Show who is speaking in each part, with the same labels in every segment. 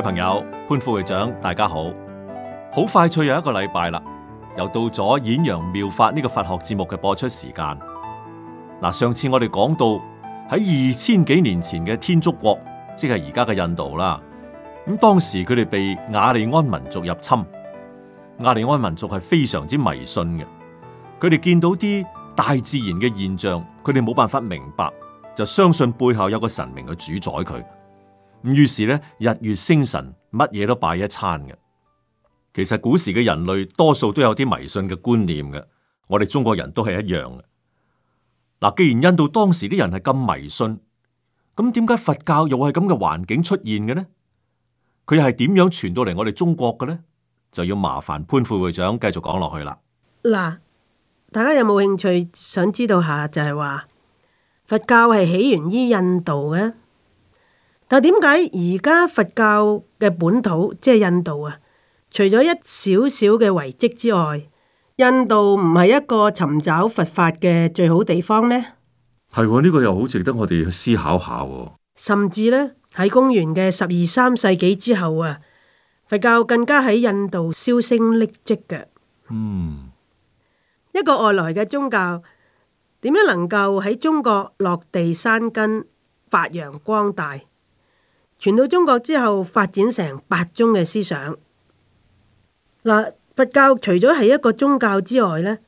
Speaker 1: 各位朋友，潘副會長，大家好！好快脆又一個禮拜啦，又到咗演揚妙、妙法呢、呢個佛學節目嘅播出時間。嗱，上次我哋講到喺二千幾年前嘅天竺國，即係而家嘅印度啦。咁當時佢哋被雅利安民族入侵，雅利安民族係非常之迷信嘅。佢哋見到啲大自然嘅現象，佢哋冇辦法明白，就相信背後有個神明去主宰佢。咁於是咧，日月星辰乜嘢都拜一餐嘅。其實古時嘅人類多數都有啲迷信嘅觀念嘅，我哋中國人都係一樣嘅。嗱、啊，既然印度當時啲人係咁迷信，咁點解佛教又係咁嘅環境出現嘅呢？佢係點樣傳到嚟我哋中國嘅呢？就要麻煩潘副會長繼續講落去啦。
Speaker 2: 嗱，大家有冇興趣想知道下就？就係話佛教係起源於印度嘅。但係點解而家佛教嘅本土即係印度啊？除咗一少少嘅遺跡之外，印度唔係一個尋找佛法嘅最好地方呢？
Speaker 1: 係喎，呢個又好值得我哋去思考下喎。
Speaker 2: 甚至呢，喺公元嘅十二三世紀之後啊，佛教更加喺印度銷聲匿跡嘅。嗯，一個外來嘅宗教點樣能夠喺中國落地生根、發揚光大？傳到中國之後，發展成八宗嘅思想。嗱，佛教除咗係一個宗教之外，呢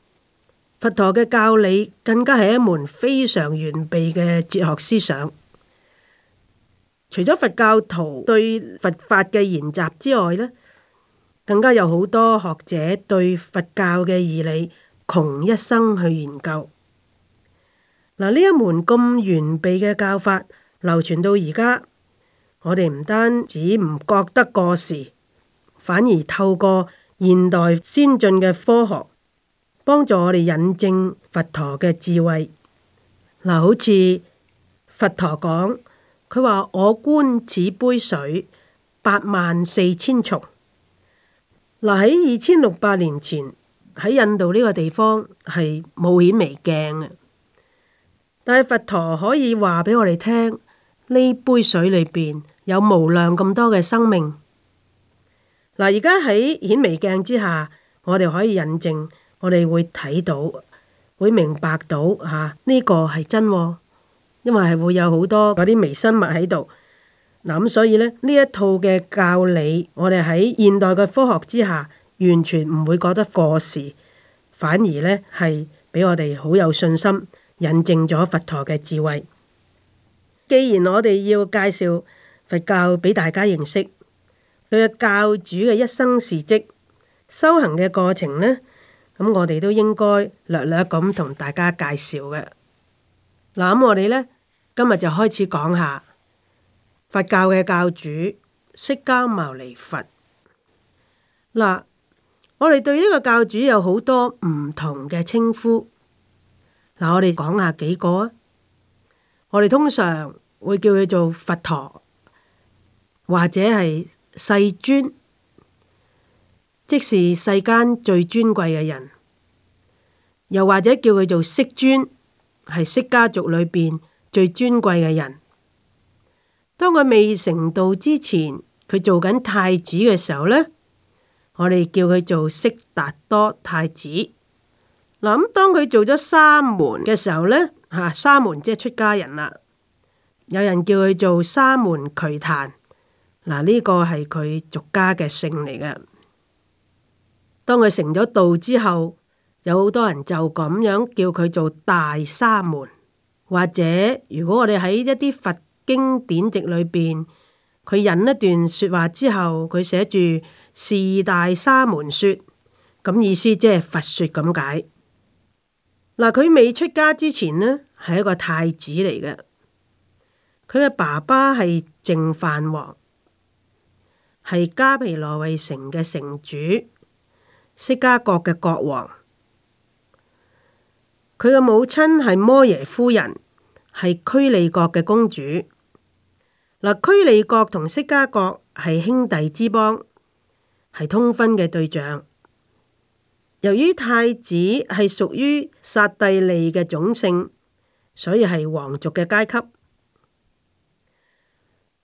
Speaker 2: 佛陀嘅教理更加係一門非常完備嘅哲學思想。除咗佛教徒對佛法嘅研習之外，呢更加有好多學者對佛教嘅義理窮一生去研究。嗱，呢一門咁完備嘅教法，流傳到而家。我哋唔單止唔覺得過時，反而透過現代先進嘅科學幫助我哋引證佛陀嘅智慧。嗱，好似佛陀講，佢話我觀此杯水，八萬四千蟲。嗱，喺二千六百年前喺印度呢個地方係冇顯微鏡嘅，但係佛陀可以話俾我哋聽呢杯水裏邊。有無量咁多嘅生命，嗱，而家喺顯微鏡之下，我哋可以引證，我哋會睇到，會明白到嚇呢，啊，這個係真，哦，因為係會有好多嗰啲微生物喺度。嗱，嗯，咁所以呢，呢一套嘅教理，我哋喺現代嘅科學之下，完全唔會覺得過時，反而呢係俾我哋好有信心，引證咗佛陀嘅智慧。既然我哋要介紹，佛教俾大家認識佢嘅教主嘅一生事蹟、修行嘅過程呢，咁我哋都應該略略咁同大家介紹嘅。嗱，咁我哋呢，今日就開始講下佛教嘅教主釋迦牟尼佛。嗱，我哋對呢個教主有好多唔同嘅稱呼。嗱，我哋講下幾個啊。我哋通常會叫佢做佛陀。或者係世尊，即是世間最尊貴嘅人；又或者叫佢做釋尊，係釋家族裏面最尊貴嘅人。當佢未成道之前，佢做緊太子嘅時候呢，我哋叫佢做悉達多太子。嗱，咁當佢做咗沙門嘅時候呢，嚇沙門即係出家人啦。有人叫佢做沙門瞿曇。嗱，呢個係佢俗家嘅姓嚟嘅。當佢成咗道之後，有好多人就咁樣叫佢做大沙門。或者，如果我哋喺一啲佛經典籍裏邊，佢引一段説話之後，佢寫住是大沙門説，咁意思即係佛説咁解。嗱、啊，佢未出家之前呢，係一個太子嚟嘅。佢嘅爸爸係淨飯王。係加皮羅衛城嘅城主，色加國嘅國王。佢嘅母親係摩耶夫人，係區里國嘅公主。嗱，區利國同色加國係兄弟之邦，係通婚嘅對象。由於太子係屬於薩蒂利嘅種姓，所以係皇族嘅階級。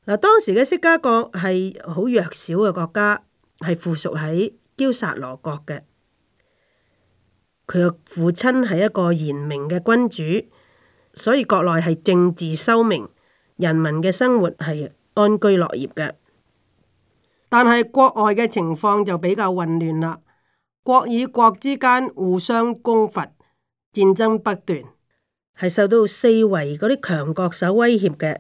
Speaker 2: 嗱，當時嘅釋迦國係好弱小嘅國家，係附屬喺憍薩羅國嘅。佢嘅父親係一個賢明嘅君主，所以國內係政治修明，人民嘅生活係安居樂業嘅。但係國外嘅情況就比較混亂啦，國與國之間互相攻伐，戰爭不斷，係受到四圍嗰啲強國所威脅嘅。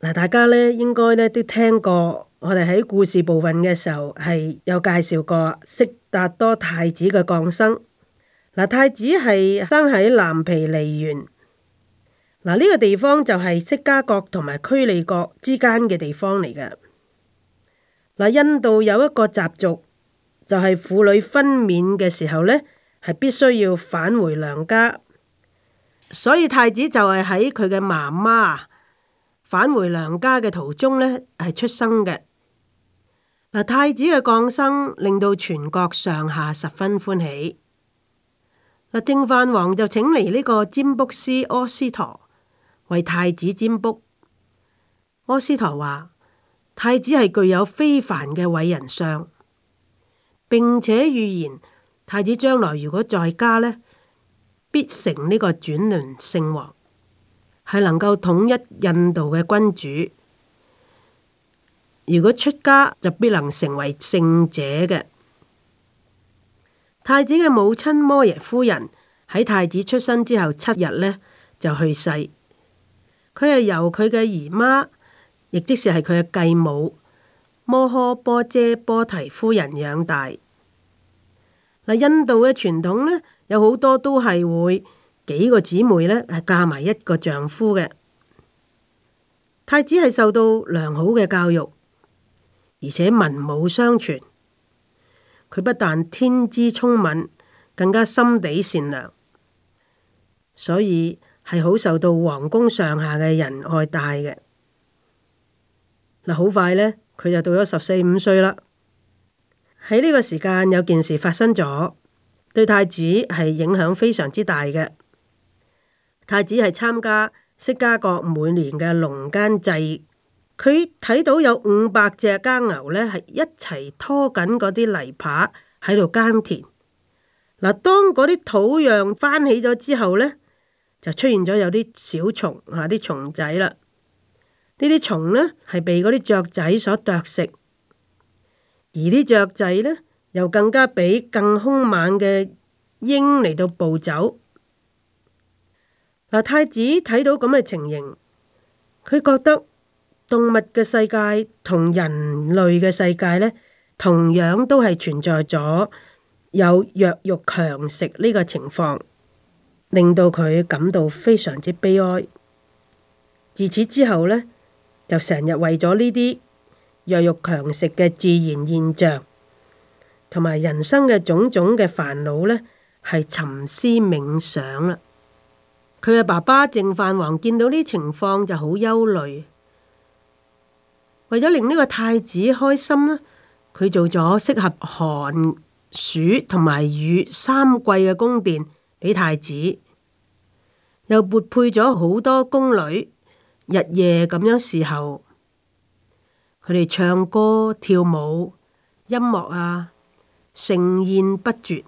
Speaker 2: 嗱，大家咧應該咧都聽過，我哋喺故事部分嘅時候係有介紹過悉達多太子嘅降生。嗱，太子係生喺藍毘尼園。嗱，呢個地方就係釋迦國同埋拘利國之間嘅地方嚟嘅。嗱，印度有一個習俗，就係、是、婦女分娩嘅時候呢係必須要返回娘家。所以太子就係喺佢嘅媽媽返回娘家嘅途中呢，係出生嘅。嗱，太子嘅降生令到全國上下十分歡喜。嗱，淨飯王就請嚟呢個占卜師阿私陀為太子占卜。阿私陀話：太子係具有非凡嘅偉人相，並且預言太子將來如果在家呢，必成呢個轉輪聖王。係能夠統一印度嘅君主。如果出家就必能成為聖者嘅。太子嘅母親摩耶夫人喺太子出生之後七日，呢就去世。佢係由佢嘅姨媽，亦即是係佢嘅繼母摩訶波遮波提夫人養大。嗱，印度嘅傳統呢，有好多都係會，幾個姊妹呢係嫁埋一個丈夫嘅，太子係受到良好嘅教育，而且文武雙全。佢不但天資聰敏，更加心地善良，所以係好受到皇宮上下嘅人愛戴嘅。嗱，好快呢，佢就到咗十四五歲啦。喺呢個時間有件事發生咗，對太子係影響非常之大嘅。太子係參加釋迦國每年嘅農耕祭，佢睇到有五百隻耕牛呢係一齊拖緊嗰啲泥耙喺度耕田。嗱，當嗰啲土壤翻起咗之後呢就出現咗有啲小蟲嚇，啲蟲仔啦。呢啲蟲呢係被嗰啲雀仔所啄食，而啲雀仔呢又更加俾更兇猛嘅鷹嚟到捕走。嗱，太子睇到咁嘅情形，佢覺得動物嘅世界同人類嘅世界呢，同樣都係存在咗有弱肉強食呢個情況，令到佢感到非常之悲哀。自此之後，呢就成日為咗呢啲弱肉強食嘅自然現象，同埋人生嘅種種嘅煩惱，呢係沉思冥想啦。佢嘅爸爸淨飯王見到呢情況就好憂慮，為咗令呢個太子開心啦，佢做咗適合寒、暑同埋雨三季嘅宮殿俾太子，又撥配咗好多宮女日夜咁樣侍候佢哋，唱歌跳舞、音樂啊，盛宴不絕，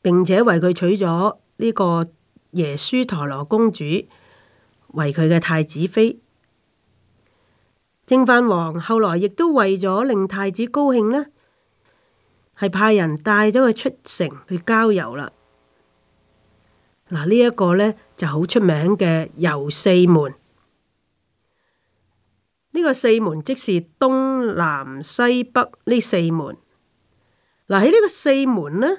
Speaker 2: 並且為佢娶咗呢、這個。耶輸陀羅公主為佢嘅太子妃，淨飯王後來亦都為咗令太子高興呢係派人帶咗佢出城去郊遊啦。嗱，呢一個呢就好出名嘅遊四門，呢、呢個四門即是東南西北呢四門。嗱喺呢個四門呢，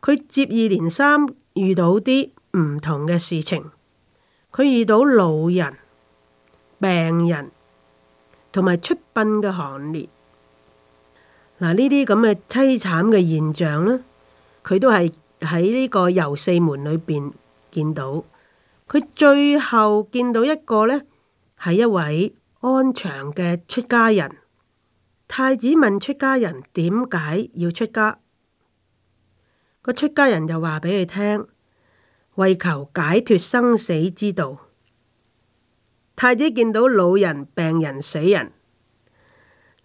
Speaker 2: 佢接二連三遇到啲。唔同嘅事情，佢遇到老人、病人同埋出殯嘅行列，嗱，呢啲咁嘅淒慘嘅現象，呢佢都係喺呢個遊四門裏邊見到。佢最後見到一個呢，係一位安詳嘅出家人。太子問出家人點解要出家，個出家人就話俾佢聽，為求解脱生死之道，太子見到老人、病人、死人，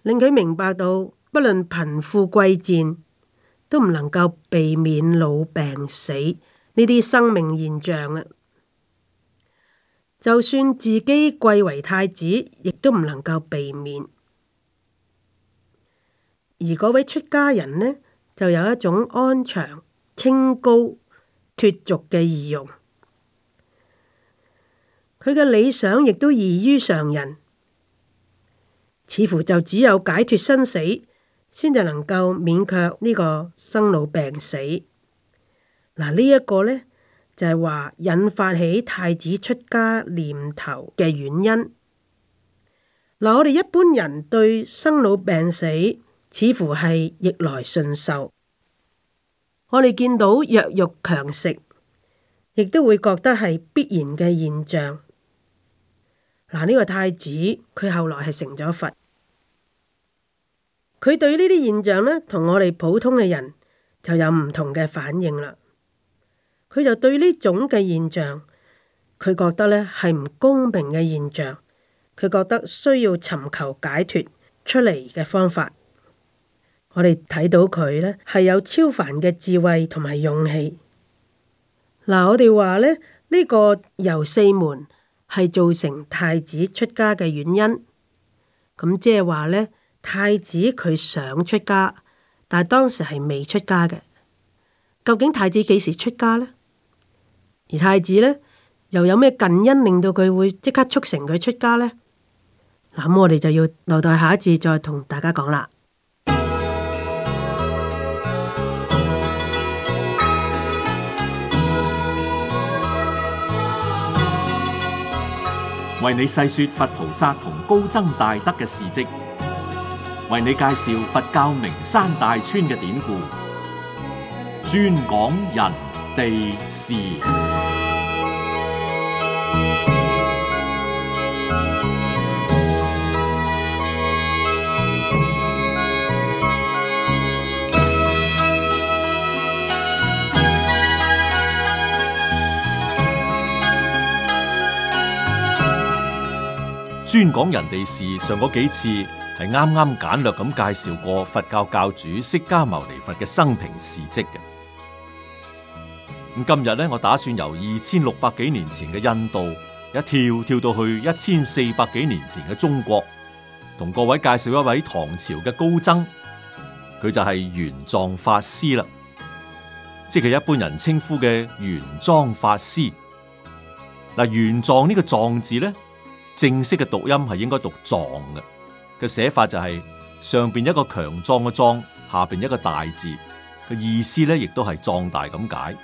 Speaker 2: 令佢明白到不論貧富貴賤，都唔能夠避免老病死呢啲生命現象嘅。就算自己貴為太子，亦都唔能夠避免。而嗰位出家人呢，就有一種安詳、清高脫俗嘅儀容，佢嘅理想亦都異於常人，似乎就只有解脫生死，先至能夠免却呢個生老病死。嗱，呢一個呢，就係話引發起太子出家念頭嘅原因。嗱，我哋一般人對生老病死，似乎係逆來順受。我哋見到弱肉強食，亦都會覺得係必然嘅現象。嗱，呢個太子佢後來係成咗佛，佢對呢啲現象呢，同我哋普通嘅人就有唔同嘅反應啦。佢就對呢種嘅現象，佢覺得呢係唔公平嘅現象，佢覺，覺得需要尋求解脫出嚟嘅方法。我哋睇到佢呢，係有超凡嘅智慧同埋勇氣。嗱，我哋話呢，呢、這個遊四門係造成太子出家嘅原因。咁即係話呢，太子佢想出家，但係當時係未出家嘅。究竟太子幾時出家呢？而太子呢，又有咩近因令到佢會即刻促成佢出家呢？咁我哋就要留待下一次再同大家講啦。
Speaker 1: 為你細說佛菩薩同高僧大德嘅事跡，為你介紹佛教名山大川嘅典故，專講人地事。專講人哋事。上嗰幾次，係啱啱簡略咁介紹過佛教教主釋迦牟尼佛嘅生平事跡嘅。咁今日咧，我打算由二千六百幾年前嘅印度一跳跳到去一千四百幾年前嘅中國，同各位介紹一位唐朝嘅高僧，佢就係玄奘法師啦，即係一般人稱呼嘅玄奘法師。嗱，玄奘呢個“奘”字呢。正式嘅讀音係應該讀“壯”嘅，佢嘅寫法就係、是、上邊一個強壯嘅“壯”，下邊一個大字，佢嘅意思咧亦都係壯大咁解。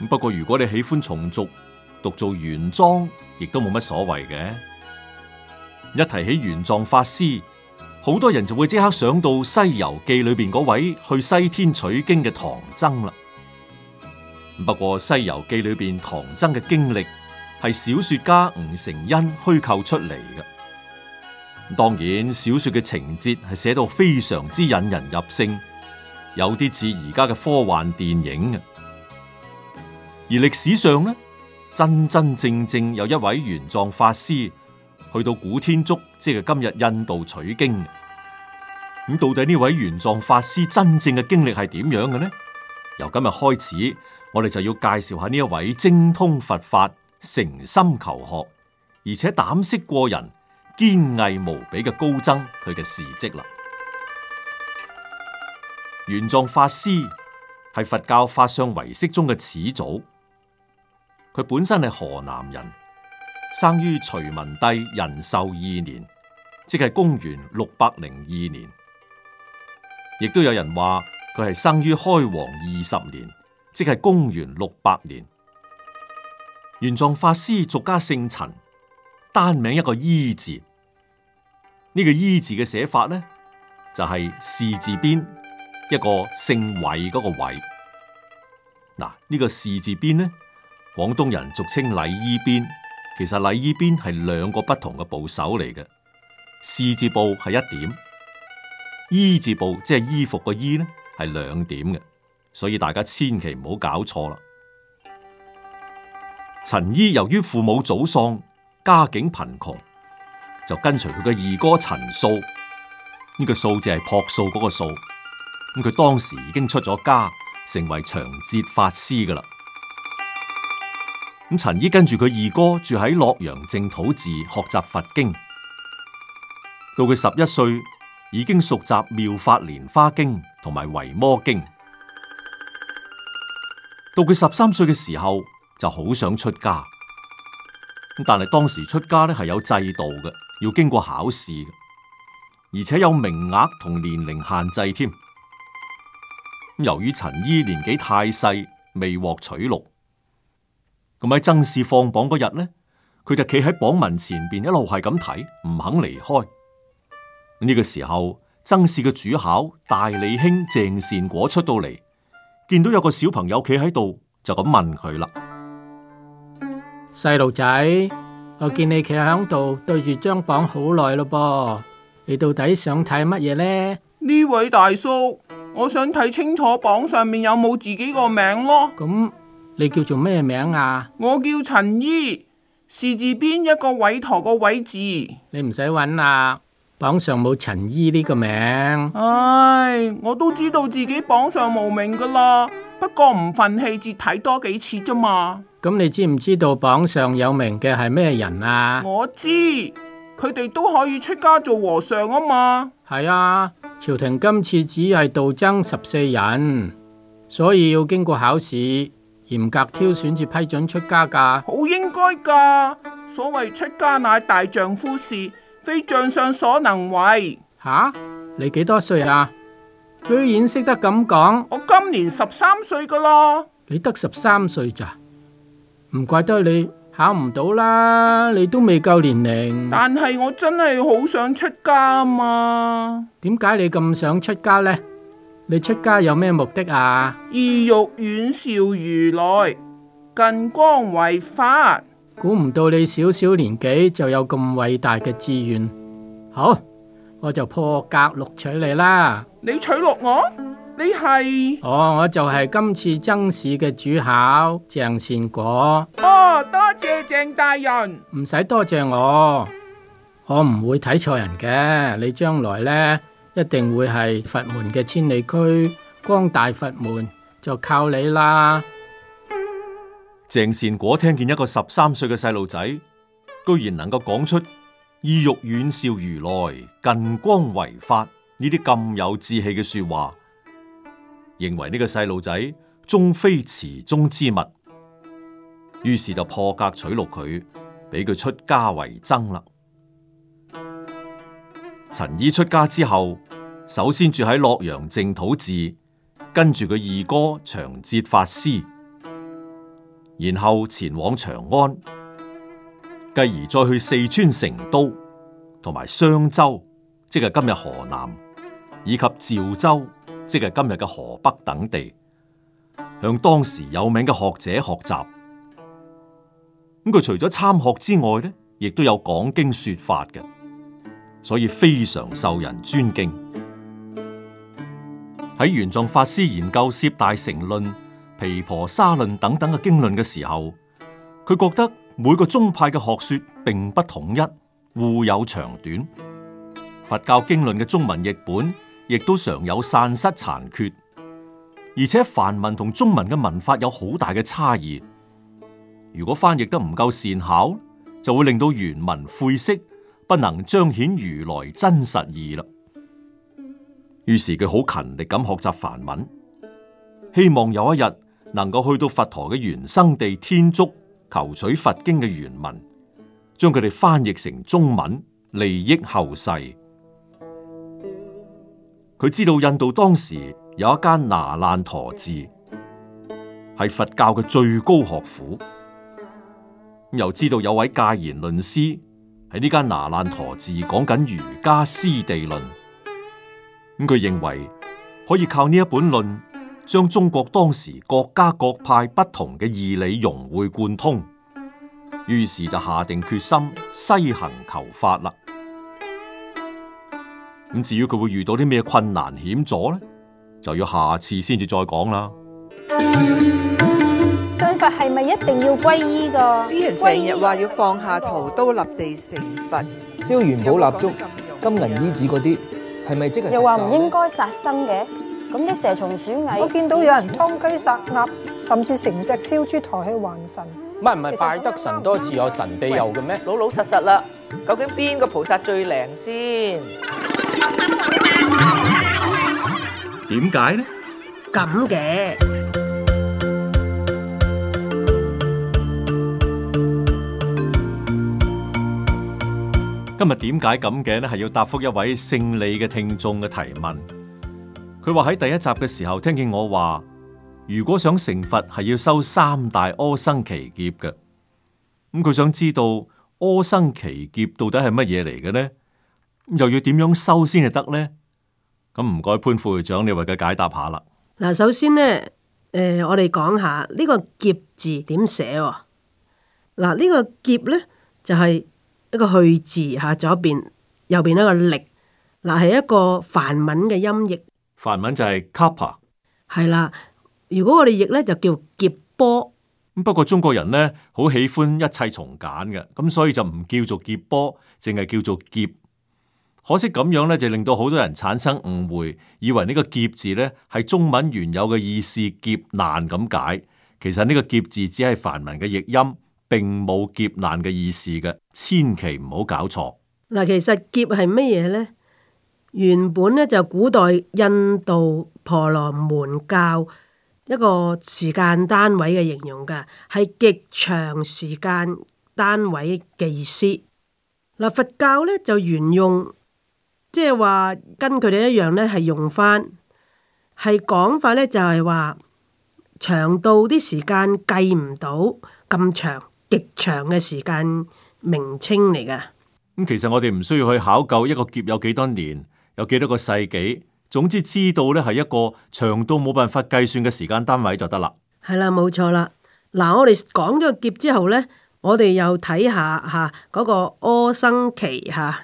Speaker 1: 咁不過，如果你喜歡從俗，讀做原裝，亦都冇乜所謂嘅。一提起玄奘法師，好多人就會即刻想到《西遊記》裏邊嗰位去西天取經嘅唐僧啦。不過《西遊記》裏邊唐僧嘅經歷，係小說家吳承恩虛構出嚟嘅。當然小說嘅情節係寫到非常之引人入勝，有啲似而家嘅科幻電影嘅。而歷史上呢，真真正正有一位玄奘法師去到古天竺，即係今日印度取經。咁到底呢位玄奘法師真正嘅經歷係點樣嘅呢？由今日開始，我哋就要介紹下呢一位精通佛法，誠心求學，而且膽識過人、堅毅無比嘅高僧，佢嘅事蹟啦。玄奘法師係佛教法相唯識中嘅始祖，佢本身係河南人，生於隋文帝仁壽二年，即係公元六百零二年，亦都有人話佢係生於開皇二十年，即係公元六百年。玄奘法師俗家姓陳，單名一個禕字。呢、這個禕字嘅寫法呢，就係、是、士字邊一個姓韋嗰、這個韋。嗱，呢個士字邊呢，廣東人俗稱禮衣邊。其實禮衣邊係兩個不同嘅部首嚟嘅。士字部係一點，衣字部即係衣服個衣呢係兩點嘅，所以大家千祈唔好搞錯啦。陳姨由於父母早喪，家境貧窮，就跟隨佢嘅二哥陳素，呢、呢個素字係樸素嗰個素。咁佢當時已經出咗家，成為長捷法師噶啦。咁陳姨跟住佢二哥住喺洛陽淨土寺學習佛經，到佢十一歲已經熟習妙法蓮花經同埋維摩經，到佢十三歲嘅時候。就好想出家，但係當時出家咧，係有制度嘅，要經過考試，而且有名額同年齡限制添。由於陳禕年紀太細，未獲取錄。咁喺曾氏放榜嗰日呢，佢就企喺榜文前邊一路係咁睇，唔肯離開呢、這個時候，曾氏嘅主考大理卿鄭善果出到嚟，見到有個小朋友企喺度，就咁
Speaker 3: 問佢啦。細路仔，我見你企響度對住張榜好耐咯噃，你到底想睇乜嘢呢？呢位大叔，我想睇清楚榜上面有冇自己個名咯。咁你叫做咩名啊？我叫陳禕，示字邊一個韋陀個韋字。你唔使揾啦，榜上冇陳禕呢個名。唉，我都知道自己榜上無名噶啦。不過唔忿氣，至睇多幾次咋嘛。咁、嗯、你知唔知道榜上有名嘅係咩人啊？我知，佢哋都可以出家做和尚啊嘛。係啊，朝廷今次只係度爭十四人，所以要經過考試，嚴格挑選至批准出家噶。好應該噶，所謂出家乃大丈夫事，非將相所能為。吓、啊，你幾多歲啊？居然識得咁講，我今年十三歲噶啦。你得十三歲咋？唔怪得你考唔到啦，你都未夠年齡。但係我真係好想出家啊！點解你咁想出家呢？你出家有咩目的啊？意欲遠紹如來，近光遺法。估唔到你小小年紀就有咁偉大嘅志願。好。我就破格錄取你啦！你取錄我？你係？哦，我就係今次僧試嘅主考鄭善果。哦，多謝鄭大人。唔使多謝我，我唔會睇錯人嘅。你將來呢，一定會係佛門嘅千里駒，光大佛門就靠你啦。
Speaker 1: 鄭善果聽見一個十三歲嘅細路仔，居然能夠講出。意欲遠紹如來，近光為法，呢啲咁有志氣嘅說話，認為呢個細路仔終非池中之物，於是就破格取錄佢，俾佢出家為僧啦。陳禕出家之後，首先住喺洛陽淨土寺，跟住佢二哥長捷法師，然後前往長安。繼而再去四川成都同埋相州，即係今日河南，以及趙州，即係今日嘅河北等地，向當時有名嘅學者學習。咁佢除咗參學之外呢亦都有講經說法嘅，所以非常受人尊敬。喺玄奘法師研究攝大乘論、毗婆沙論等等嘅經論嘅時候，佢覺得。每個宗派嘅學說並不統一，互有長短。佛教經論嘅中文譯本亦都常有散失殘缺，而且梵文同中文嘅文法有好大嘅差異。如果翻譯得唔夠善巧，就會令到原文晦澀，不能彰顯如來真實義啦。於是佢好勤力咁學習梵文，希望有一日能夠去到佛陀嘅原生地天竺。求取佛經嘅原文，將佢哋翻譯成中文，利益後世。佢知道印度當時有一間那爛陀寺，係佛教嘅最高學府。又知道有位戒賢論師喺呢間那爛陀寺講緊瑜伽師地論。咁佢認為可以靠呢一本論。將中國當時各家各派不同嘅義理融會貫通，於是就下定決心西行求法啦。咁至於佢會遇到啲咩困難險阻咧，就要下次先至再講啦、嗯。
Speaker 2: 信佛係咪一定要皈依㗎？啲人成日話要放下屠刀立地成佛，嗯、
Speaker 1: 燒元原寶、蠟燭、金銀衣紙嗰啲，係咪、啊、即係？又話唔應
Speaker 2: 該殺生嘅？咁啲蛇蟲鼠蟻，我見到有人劏雞殺鴨，甚至成隻燒豬抬去還神。
Speaker 3: 唔係唔係，拜得神多自有神庇佑嘅咩？老老實實啦，究
Speaker 2: 竟邊個菩薩最靈先？
Speaker 1: 點解呢？
Speaker 2: 咁嘅
Speaker 1: 今日點解咁嘅呢？係要答覆一位姓李嘅聽眾嘅提問。佢話喺第一集嘅時候聽見我話，如果想成佛係要修三大阿僧祇劫嘅。咁佢想知道阿僧祇劫到底係乜嘢嚟嘅呢？又要點樣修先至得呢？咁唔該潘副會長，你為佢解答下啦。
Speaker 2: 嗱，首先呢，誒、呃，我哋講下呢個劫字點寫。嗱，呢、這個劫咧就係、是、一個去字吓，左邊右邊一個力嗱，係一個梵文嘅音譯。梵文就係 kapa 係啦。如果我哋譯咧就叫劫波。咁
Speaker 1: 不過中國人呢，好喜歡一切從簡嘅，咁所以就唔叫做劫波，淨係叫做劫。可惜咁樣呢，就令到好多人產生誤會，以為呢個劫字呢係中文原有嘅意思劫難咁解。其實呢個劫字只係梵文嘅譯音，並冇劫難嘅意思嘅，千祈唔好搞
Speaker 2: 錯。嗱，其實劫係乜嘢呢？原本咧就古代印度婆羅門教一個時間單位嘅形容噶，係極長時間單位嘅意思。嗱、呃、佛教咧就沿用，即係話跟佢哋一樣咧，係用翻係講法咧，就係、是、話長到啲時間計唔到咁長極長嘅時間名稱嚟嘅。
Speaker 1: 咁其實我哋唔需要去考究一個劫有幾多年。有幾多個世紀，總之知道呢係一個長到冇辦法計算嘅時間單位就得啦。
Speaker 2: 係啦，冇錯啦。嗱，我哋講咗個劫之後呢，我哋又睇下吓嗰個阿僧祇。吓、啊。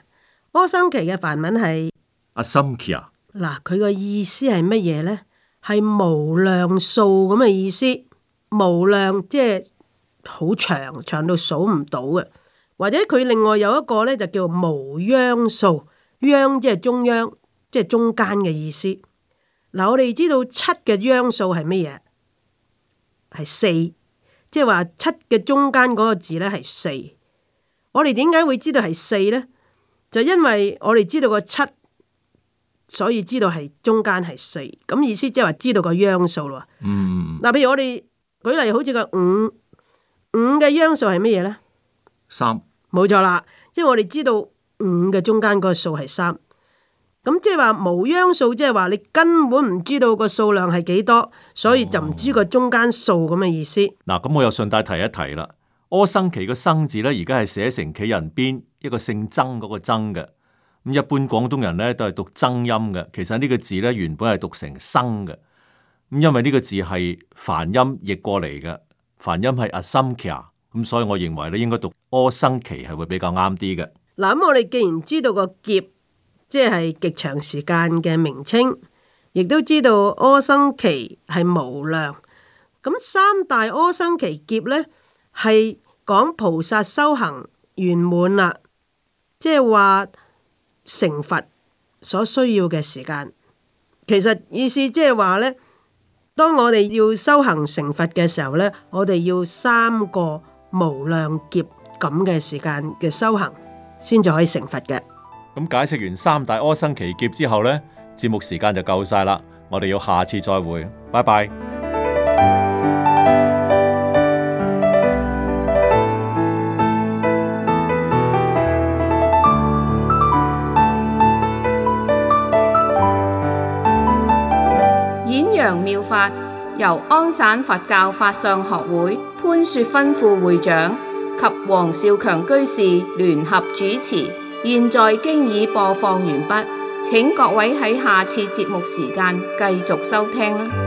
Speaker 2: 阿僧祇嘅梵文係
Speaker 1: 阿僧祇啊。
Speaker 2: 嗱，佢個意思係乜嘢呢？係無量數咁嘅意思，無量即係好長，長到數唔到嘅。或者佢另外有一個呢，就叫無央數。央即係中央，即係中間嘅意思。嗱，我哋知道七嘅央數係乜嘢？係四，即係話七嘅中間嗰個字咧係四。我哋點解會知道係四咧？就因為我哋知道個七，所以知道係中間係四。咁意思即係話知道個央數咯。嗯。嗱，譬如我哋舉例好似個五，五嘅央數係乜嘢咧？三。冇錯啦，因為我哋知道。五嘅中間個數係三，咁即係話無央數，即係話你根本唔知道個數量係幾多，所以就唔知個中間數咁嘅意思。嗱、嗯，
Speaker 1: 咁、嗯、我又順帶提一提啦。柯生奇個生字咧，而家係寫成企人邊一個姓曾嗰個曾嘅。咁、嗯、一般廣東人咧都係讀曾音嘅，其實呢個字咧原本係讀成生嘅。咁、嗯、因為呢個字係梵音譯過嚟嘅，梵音係阿僧祇，咁所以我認為咧應該讀柯生奇係會比較啱啲嘅。
Speaker 2: 嗱、嗯，我哋既然知道個劫，即係極長時間嘅名稱，亦都知道阿僧祇係無量。咁三大阿僧祇劫咧，係講菩薩修行圓滿啦，即係話成佛所需要嘅時間。其實意思即係話咧，當我哋要修行成佛嘅時候咧，我哋要三個無量劫咁嘅時間嘅修行。先至可以成佛嘅。
Speaker 1: 咁解釋完三大阿僧祇劫之後呢，節目時間就夠晒啦。我哋要下次再會，拜拜。
Speaker 2: 演揚妙法由安省佛教法相學會潘雪芬副會長及黃少強居士聯合主持，現在經已播放完畢。請各位喺下次節目時間繼續收聽。